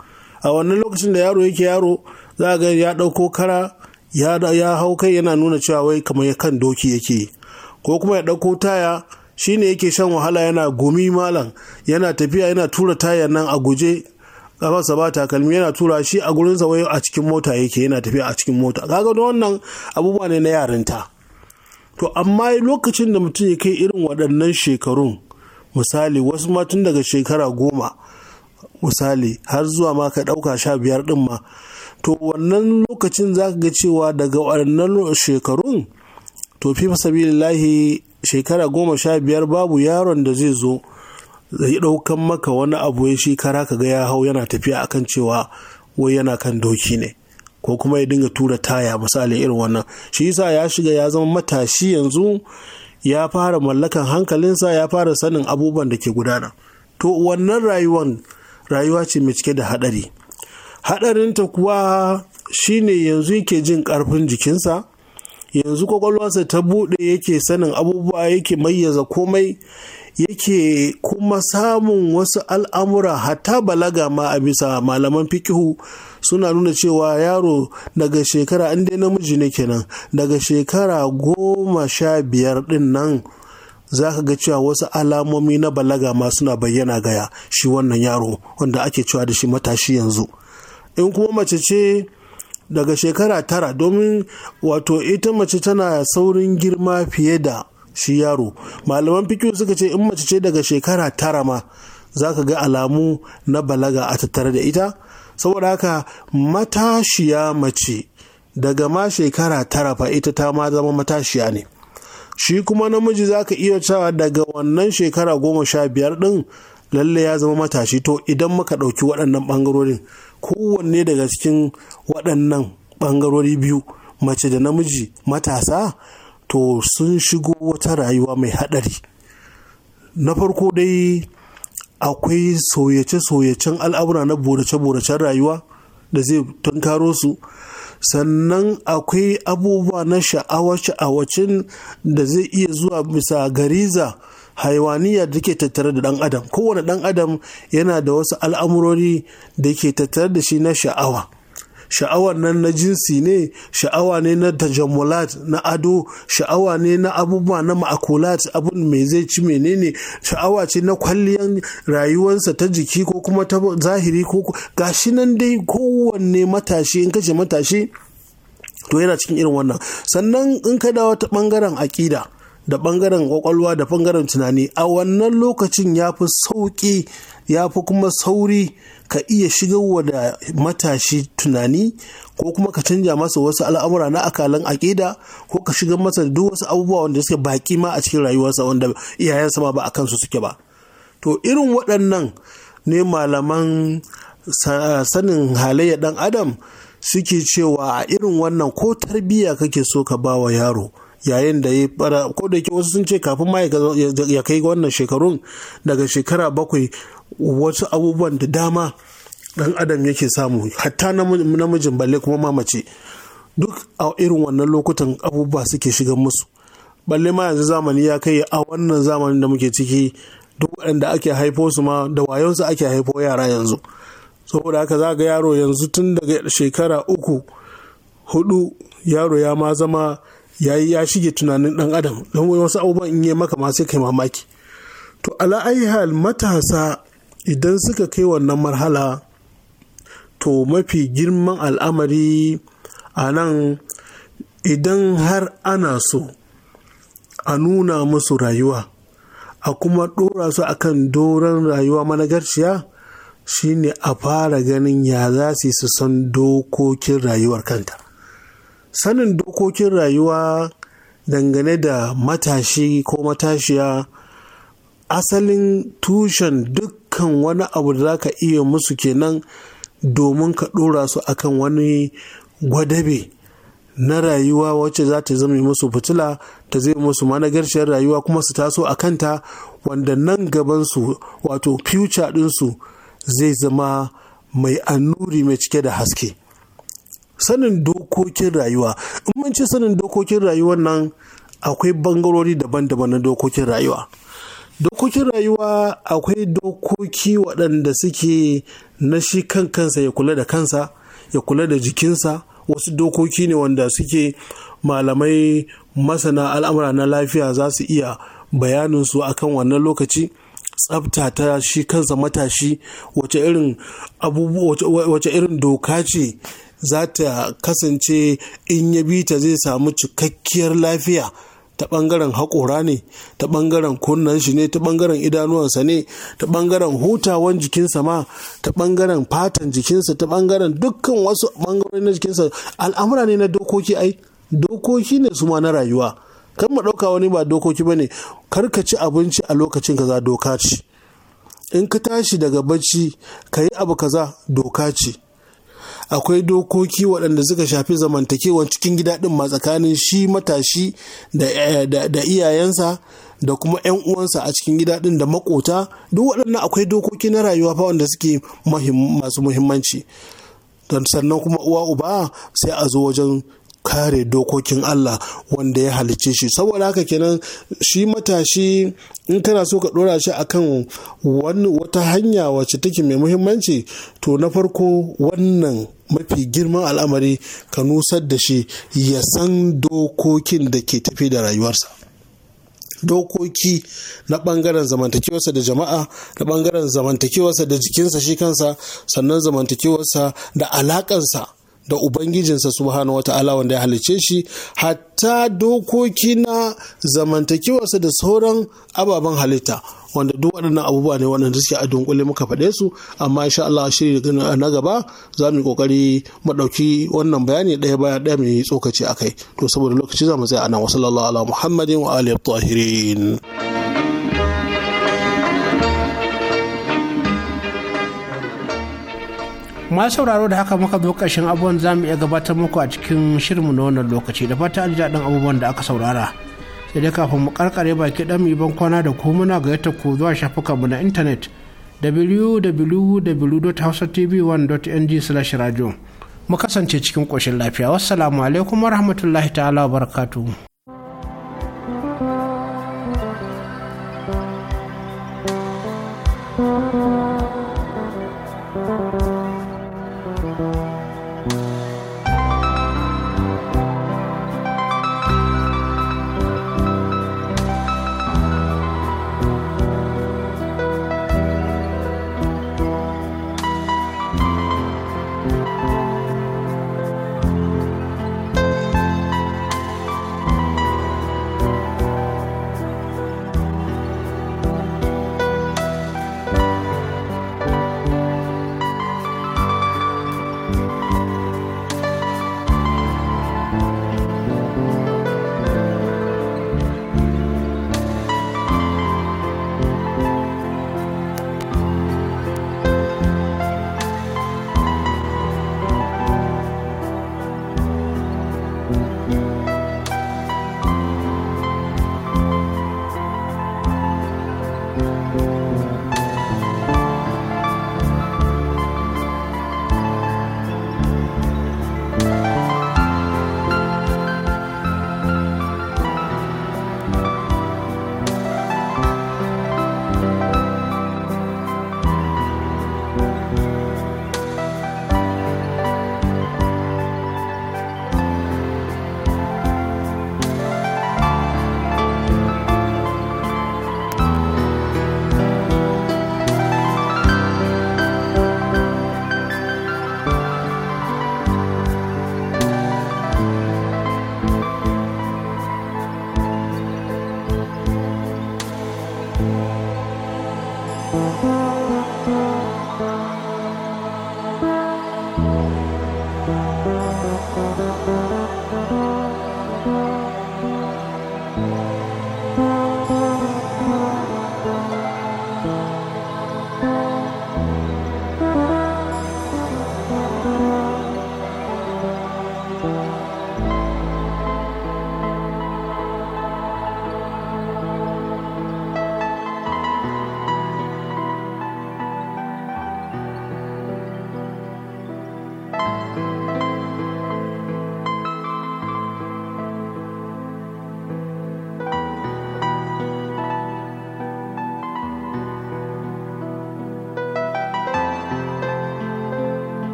a wannan lokacin da yaro yake yaro za ga ya ɗauko kara ya hau kai yana nuna cewa wai kamar kan doki yake ko kuma ya ɗauko taya shine yake shan wahala yana gumi malam yana tafiya yana tura taya nan a guje kafarsa ba takalmi yana tura shi a gurinsa wai a cikin mota yake yana tafiya a cikin mota kaga da wannan abubuwa ne na yarinta to amma lokacin da mutum ya kai irin waɗannan shekarun misali wasu ma daga shekara goma misali har zuwa ma ka ɗauka sha biyar ɗin ma to wannan lokacin za ka ga cewa daga waɗannan shekarun to fi lahi shekara goma sha biyar babu yaron da zai zo zai ɗaukan maka wani abu ya shi kara ka ga ya hau yana tafiya akan cewa wai yana kan doki ne ko kuma ya dinga tura taya misali irin wannan shi yasa ya shiga ya zama matashi yanzu ya fara mallakan hankalinsa ya fara sanin abubuwan da ke gudana to wannan rayuwan rayuwa ce mai cike da haɗari haɗarinta kuwa shine yanzu yake jin ƙarfin jikinsa yanzu kwakwalwarsa ta buɗe yake sanin abubuwa yake mayyaza komai yake kuma samun wasu al'amura hatta balaga ma a bisa malaman fikihu suna nuna cewa yaro daga shekara inda dai namiji ne kenan daga shekara goma sha biyar din nan za ka ga cewa wasu alamomi na balaga ma suna bayyana gaya shi wannan yaro wanda ake cewa da shi matashi yanzu in kuma mace ce daga shekara tara domin wato ita mace tana saurin girma fiye da shi yaro malaman fikiyo suka ce in mace ce daga shekara tara ma za ka ga alamu na balaga a tattare da ita saboda haka matashiya mace daga ma shekara tara fa ita ta ma zama matashiya ne shi kuma namiji za ka iya cewa daga wannan shekara goma sha biyar ɗin lalle ya zama matashi to idan muka ɗauki waɗannan ɓangarorin kowanne daga cikin waɗannan ɓangarori biyu mace da namiji matasa to sun shigo wata rayuwa mai haɗari na farko dai akwai soyace-soyacen al'amura na borace-boracen rayuwa da zai tunkaro su sannan akwai abubuwa na sha'awace-awacin da zai iya zuwa bisa gariza haiwaniya da ke tattare da ɗan adam kowane ɗan adam yana da wasu al'amurori da ke tattare da shi na sha'awa sha'awar nan na jinsi ne sha'awa ne na tajammulat na ado sha'awa ne na abubuwa na ma'akulat abin mai zai ci menene sha'awa ce na kwalliyan rayuwarsa ta jiki ko kuma ta zahiri ko gashi nan dai kowanne matashi in kashe matashi to yana cikin irin wannan sannan in ka dawo ta bangaren aƙida da bangaren kwakwalwa da bangaren tunani a wannan lokacin ya fi sauƙi ya fi kuma sauri ka iya shigarwa da matashi tunani ko kuma ka canja masa wasu al'amura na akalan aƙida ko ka shiga masa da duk wasu abubuwa wanda suke baƙi ma a cikin rayuwarsa wanda iyayensa ma ba a kansu suke ba to irin waɗannan ne malaman sanin halayyar ɗan adam suke cewa a irin wannan ko tarbiyya kake so ka ba wa yaro yayin da ya fara ko da wasu sun ce kafin ma ya kai wannan shekarun daga shekara bakwai wasu abubuwan da dama dan adam yake samu hatta namijin balle kuma mamace duk a irin wannan lokutan abubuwa suke shigan musu balle ma yanzu zamani ya kai a wannan zamanin da muke ciki duk waɗanda ake haifo su ma da wayonsu ake haifo yara yanzu saboda haka za ga yaro yanzu tun daga shekara uku hudu yaro ya ma zama ya yi ya shige tunanin dan adam don wasu abubuwan in yi maka ma sai kai mamaki to ala hal matasa idan suka kai wannan marhala to mafi girman al'amari a nan idan har ana so a nuna musu rayuwa a kuma ɗora su akan doron rayuwa mana managarciya shine a fara ganin ya za su san dokokin rayuwar kanta sanin dokokin rayuwa dangane da matashi ko matashiya asalin tushen dukkan wani abu da za ka iya musu kenan domin ka ɗora su akan wani gwadabe na rayuwa wacce za ta zama musu fitila ta zai musu managarciyar rayuwa kuma su taso a kanta wanda nan gaban su, wato future ɗinsu zai zama mai annuri mai cike da haske sanin dokokin rayuwa in mun ce sanin dokokin rayuwar nan akwai bangarori daban-daban na dokokin rayuwa dokokin rayuwa akwai dokoki waɗanda suke na shi kan kansa ya kula da kansa ya kula da jikinsa wasu dokoki ne wanda suke malamai masana al'amura na lafiya za su iya bayaninsu akan wannan lokaci tsafta ta shi kansa matashi wace irin wace irin doka ce za ta kasance in ya bi ta zai samu cikakkiyar lafiya ta ɓangaren haƙora ne ta ɓangaren kunnan shi ne ta ɓangaren idanuwansa ne ta ɓangaren hutawan jikinsa ma ta ɓangaren fatan jikinsa ta ɓangaren dukkan wasu bangarori na jikinsa al'amura ne na dokoki ai dokoki ne su ma na rayuwa kan mu ɗauka wani ba dokoki ba ne kar ka ci abinci a lokacin kaza doka ce in ka tashi daga bacci ka yi abu kaza doka ce akwai dokoki waɗanda suka shafi zamantakewan cikin gida ɗin ma tsakanin shi matashi da eh, iyayensa da kuma 'yan uwansa a cikin gida ɗin da makota duk waɗannan akwai dokoki na rayuwa fa wanda suke masu muhimmanci don sannan kuma uwa uba sai a zo wajen kare dokokin Allah wanda ya halicce shi saboda haka kenan shi matashi in kana so ka dora shi akan wani wata hanya wacce take mai muhimmanci to na farko wannan mafi girman al'amari ka nusar da shi ya san dokokin da ke tafi da rayuwarsa dokoki na bangaren zamantakewarsa da jama'a na bangaren zamantakewarsa da jikinsa shi kansa sannan zamantakewarsa da alakansa da ubangijinsa subhanahu wata'ala wanda ya halice shi hatta dokoki na zamantakewarsa da sauran ababen halitta wanda duk waɗannan abubuwa ne waɗanda suke a dunkule muka faɗe su amma insha Allah shiri na gaba za mu yi kokari mu ɗauki wannan bayani ɗaya bayan ɗaya mai tsokaci a kai to saboda lokaci za mu tsaya a nan wasu sallallahu ala muhammadin wa alihi tahirin masu sauraro da haka muka zo ƙarshen abubuwan za mu iya gabatar muku a cikin shirinmu na wannan lokaci da fata ji daɗin abubuwan da aka saurara sai dai kafin mu karkare baki ɗan mu ban kwana da ku muna ga yadda ku zuwa shafukanmu na intanet www.hausatv1.ng/radio mu kasance cikin ƙoshin lafiya wassalamu alaikum warahmatullahi ta'ala wa barakatuhu